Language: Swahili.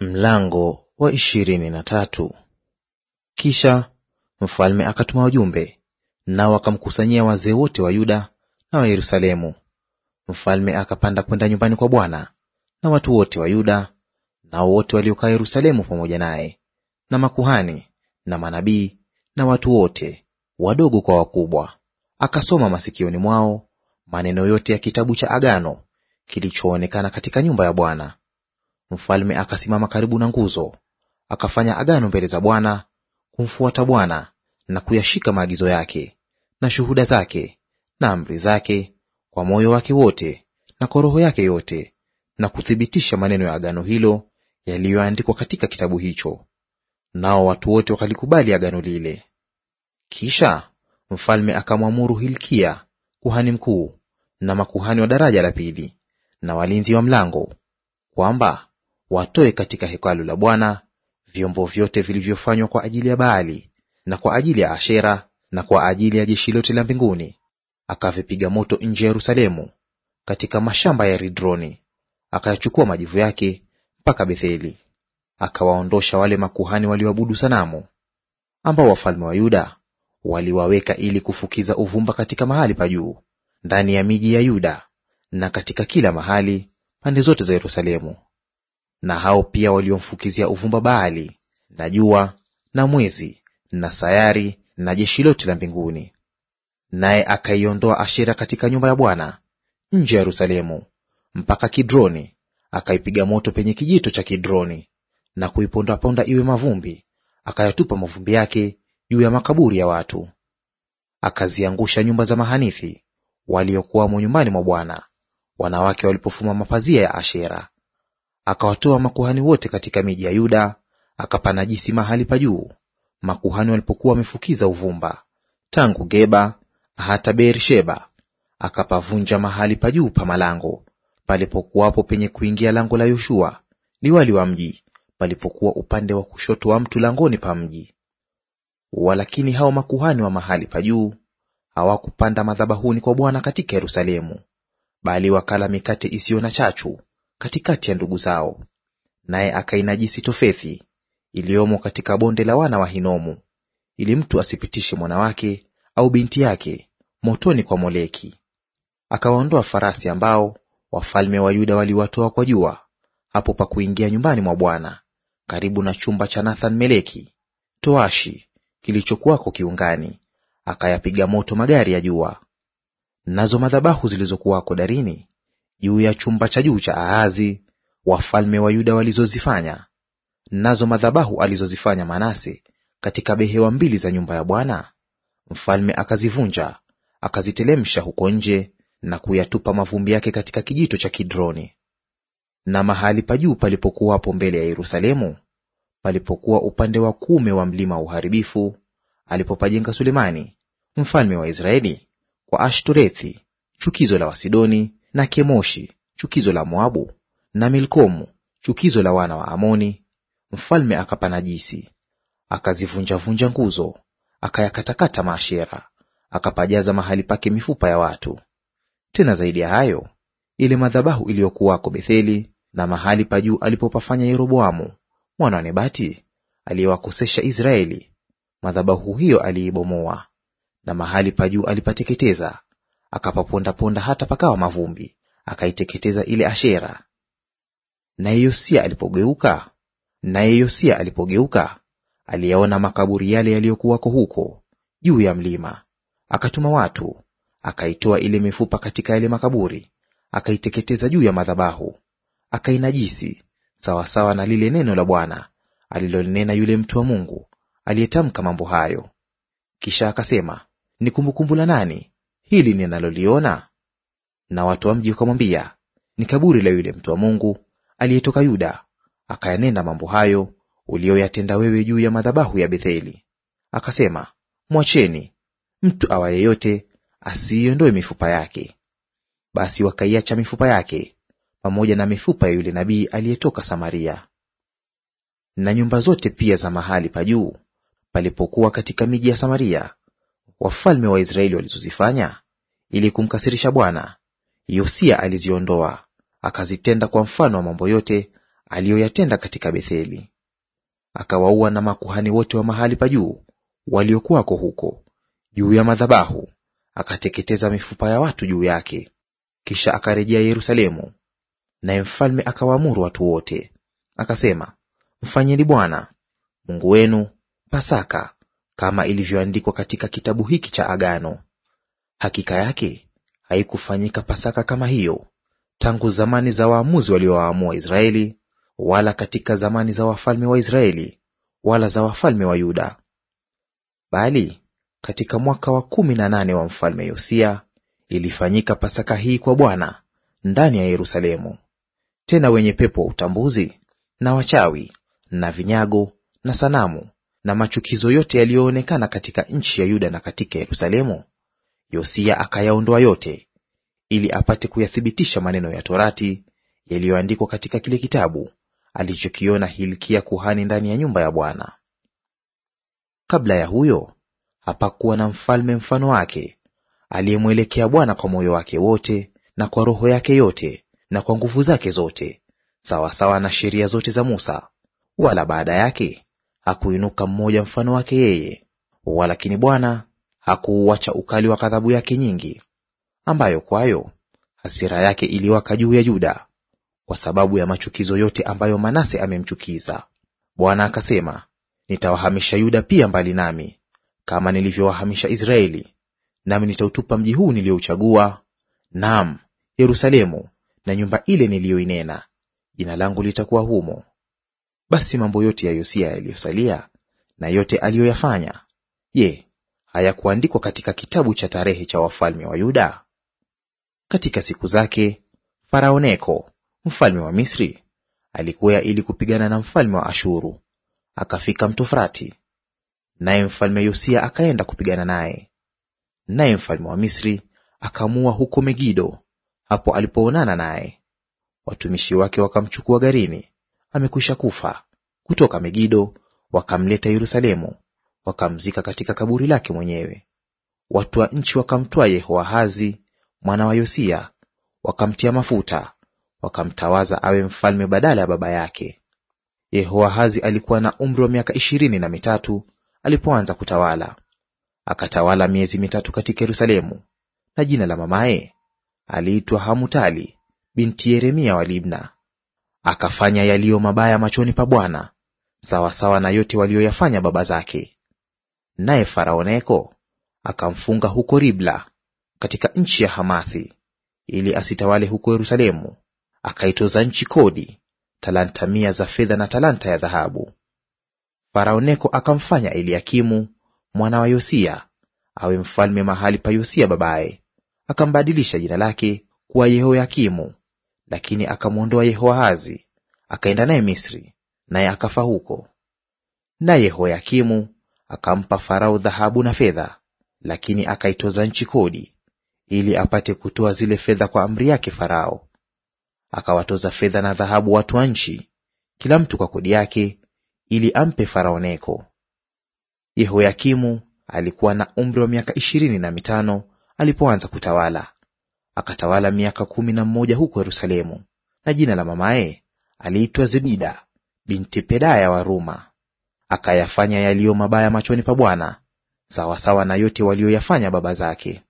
Mlango wa ishirini na tatu. Kisha mfalme akatuma wajumbe, nao wakamkusanyia wazee wote wa Yuda na wa Yerusalemu. Mfalme akapanda kwenda nyumbani kwa Bwana na watu wote wa Yuda nao wote waliokaa Yerusalemu pamoja naye, na makuhani na manabii na watu wote, wadogo kwa wakubwa. Akasoma masikioni mwao maneno yote ya kitabu cha agano kilichoonekana katika nyumba ya Bwana. Mfalme akasimama karibu na nguzo, akafanya agano mbele za Bwana kumfuata Bwana na kuyashika maagizo yake na shuhuda zake na amri zake kwa moyo wake wote na kwa roho yake yote, na kuthibitisha maneno ya agano hilo yaliyoandikwa katika kitabu hicho. Nao watu wote wakalikubali agano lile. Kisha mfalme akamwamuru Hilkia kuhani mkuu na makuhani wa daraja la pili na walinzi wa mlango kwamba watoe katika hekalu la Bwana vyombo vyote vilivyofanywa kwa ajili ya Baali na kwa ajili ya Ashera na kwa ajili ya jeshi lote la mbinguni, akavipiga moto nje ya Yerusalemu katika mashamba ya Ridroni, akayachukua majivu yake mpaka Betheli. Akawaondosha wale makuhani walioabudu sanamu, ambao wafalme wa Yuda waliwaweka ili kufukiza uvumba katika mahali pa juu ndani ya miji ya Yuda na katika kila mahali pande zote za Yerusalemu na hao pia waliomfukizia uvumba Baali na jua na mwezi na sayari na jeshi lote la mbinguni. Naye akaiondoa Ashera katika nyumba ya Bwana nje ya Yerusalemu mpaka Kidroni, akaipiga moto penye kijito cha Kidroni na kuipondaponda iwe mavumbi, akayatupa mavumbi yake juu ya makaburi ya watu. Akaziangusha nyumba za mahanithi waliokuwamo nyumbani mwa Bwana, wanawake walipofuma mapazia ya Ashera akawatoa makuhani wote katika miji ya Yuda, akapanajisi mahali pa juu makuhani walipokuwa wamefukiza uvumba, tangu Geba hata Beersheba, akapavunja mahali pa juu pa malango palipokuwapo penye kuingia lango la Yoshua liwali wa mji, palipokuwa upande wa kushoto wa mtu langoni pa mji. Walakini hao makuhani wa mahali pa juu hawakupanda madhabahuni kwa Bwana katika Yerusalemu, bali wakala mikate isiyo na chachu katikati ya ndugu zao, naye akainajisi Tofethi iliyomo katika bonde la wana wa Hinomu, ili mtu asipitishe mwanawake au binti yake motoni kwa Moleki. Akawaondoa farasi ambao wafalme wa Yuda waliwatoa kwa jua hapo pa kuingia nyumbani mwa Bwana, karibu na chumba cha Nathan Meleki toashi kilichokuwako kiungani, akayapiga moto magari ya jua. Nazo madhabahu zilizokuwako darini juu ya chumba cha juu cha Ahazi, wafalme wa Yuda walizozifanya, nazo madhabahu alizozifanya Manase katika behewa mbili za nyumba ya Bwana, mfalme akazivunja, akazitelemsha huko nje na kuyatupa mavumbi yake katika kijito cha Kidroni. Na mahali pa juu palipokuwapo mbele ya Yerusalemu, palipokuwa upande wa kuume wa mlima wa uharibifu, alipopajenga Sulemani mfalme wa Israeli kwa Ashtorethi, chukizo la Wasidoni na Kemoshi chukizo la Moabu na Milkomu chukizo la wana wa Amoni, mfalme akapanajisi. Akazivunjavunja nguzo, akayakatakata maashera, akapajaza mahali pake mifupa ya watu. Tena zaidi ya hayo, ile madhabahu iliyokuwako Betheli na mahali pa juu alipopafanya Yeroboamu mwana wa Nebati aliyewakosesha Israeli, madhabahu hiyo aliibomoa na mahali pa juu alipateketeza akapapondaponda hata pakawa mavumbi, akaiteketeza ile Ashera. Naye Yosia alipogeuka naye Yosia alipogeuka aliyaona makaburi yale yaliyokuwako huko juu ya mlima, akatuma watu akaitoa ile mifupa katika yale makaburi, akaiteketeza juu ya madhabahu, akainajisi sawasawa na lile neno la Bwana alilonena yule mtu wa Mungu aliyetamka mambo hayo. Kisha akasema, ni kumbukumbu la nani hili ninaloliona? Na watu wa mji wakamwambia, ni kaburi la yule mtu wa Mungu aliyetoka Yuda, akayanena mambo hayo uliyoyatenda wewe juu ya madhabahu ya Betheli. Akasema, mwacheni mtu awa yeyote asiiondoe mifupa yake. Basi wakaiacha mifupa yake pamoja na mifupa ya yule nabii aliyetoka Samaria. Na nyumba zote pia za mahali pa juu palipokuwa katika miji ya Samaria wafalme wa Israeli walizozifanya ili kumkasirisha Bwana, Yosia aliziondoa, akazitenda kwa mfano wa mambo yote aliyoyatenda katika Betheli. Akawaua na makuhani wote wa mahali pa juu waliokuwako huko juu ya madhabahu, akateketeza mifupa ya watu juu yake. Kisha akarejea Yerusalemu, naye mfalme akawaamuru watu wote, akasema, mfanyeni Bwana Mungu wenu Pasaka kama ilivyoandikwa katika kitabu hiki cha Agano. Hakika yake haikufanyika Pasaka kama hiyo tangu zamani za waamuzi waliowaamua Israeli, wala katika zamani za wafalme wa Israeli, wala za wafalme wa Yuda, bali katika mwaka wa kumi na nane wa mfalme Yosia ilifanyika Pasaka hii kwa Bwana ndani ya Yerusalemu. Tena wenye pepo wa utambuzi na wachawi na vinyago na sanamu na machukizo yote yaliyoonekana katika nchi ya Yuda na katika Yerusalemu, Yosia akayaondoa yote, ili apate kuyathibitisha maneno ya Torati yaliyoandikwa katika kile kitabu alichokiona Hilkia kuhani ndani ya nyumba ya Bwana. Kabla ya huyo hapakuwa na mfalme mfano wake aliyemwelekea Bwana kwa moyo wake wote na kwa roho yake yote na kwa nguvu zake zote, sawasawa na sheria zote za Musa, wala baada yake hakuinuka mmoja mfano wake yeye, walakini Bwana hakuuacha ukali wa ghadhabu yake nyingi, ambayo kwayo hasira yake iliwaka juu ya Yuda kwa sababu ya machukizo yote ambayo Manase amemchukiza. Bwana akasema, nitawahamisha Yuda pia mbali nami kama nilivyowahamisha Israeli, nami nitautupa mji huu niliouchagua, naam Yerusalemu na nyumba ile niliyoinena, jina langu litakuwa humo. Basi mambo yote ya Yosia yaliyosalia na yote aliyoyafanya, je, hayakuandikwa katika kitabu cha tarehe cha wafalme wa Yuda? Katika siku zake Farao Neko mfalme wa Misri alikuya ili kupigana na mfalme wa Ashuru, akafika mto Frati, naye mfalme Yosia akaenda kupigana naye. Naye mfalme wa Misri akamua huko Megido, hapo alipoonana naye. Watumishi wake wakamchukua garini amekwisha kufa. Kutoka Megido wakamleta Yerusalemu, wakamzika katika kaburi lake mwenyewe. Watu wa nchi wakamtwaa Yehoahazi mwana wa Yosia, wakamtia mafuta, wakamtawaza awe mfalme badala ya baba yake. Yehoahazi alikuwa na umri wa miaka ishirini na mitatu alipoanza kutawala, akatawala miezi mitatu katika Yerusalemu. Na jina la mamaye aliitwa Hamutali binti Yeremia wa Libna akafanya yaliyo mabaya machoni pa Bwana sawasawa na yote waliyoyafanya baba zake. Naye Farao Neko akamfunga huko Ribla katika nchi ya Hamathi ili asitawale huko Yerusalemu, akaitoza nchi kodi talanta mia za fedha na talanta ya dhahabu. Farao Neko akamfanya Eliakimu mwana wa Yosia awe mfalme mahali pa Yosia babaye, akambadilisha jina lake kuwa Yehoyakimu lakini akamwondoa Yehoahazi akaenda naye Misri, naye akafa huko. Na Yehoyakimu akampa Farao dhahabu na fedha, lakini akaitoza nchi kodi, ili apate kutoa zile fedha kwa amri yake Farao. Akawatoza fedha na dhahabu watu wa nchi, kila mtu kwa kodi yake, ili ampe Farao Neko. Yehoyakimu alikuwa na umri wa miaka ishirini na mitano alipoanza kutawala, akatawala miaka kumi na mmoja huko Yerusalemu. Na jina la mamaye aliitwa Zebida binti Pedaya wa Ruma. Akayafanya yaliyo mabaya machoni pa Bwana, sawasawa na yote walioyafanya baba zake.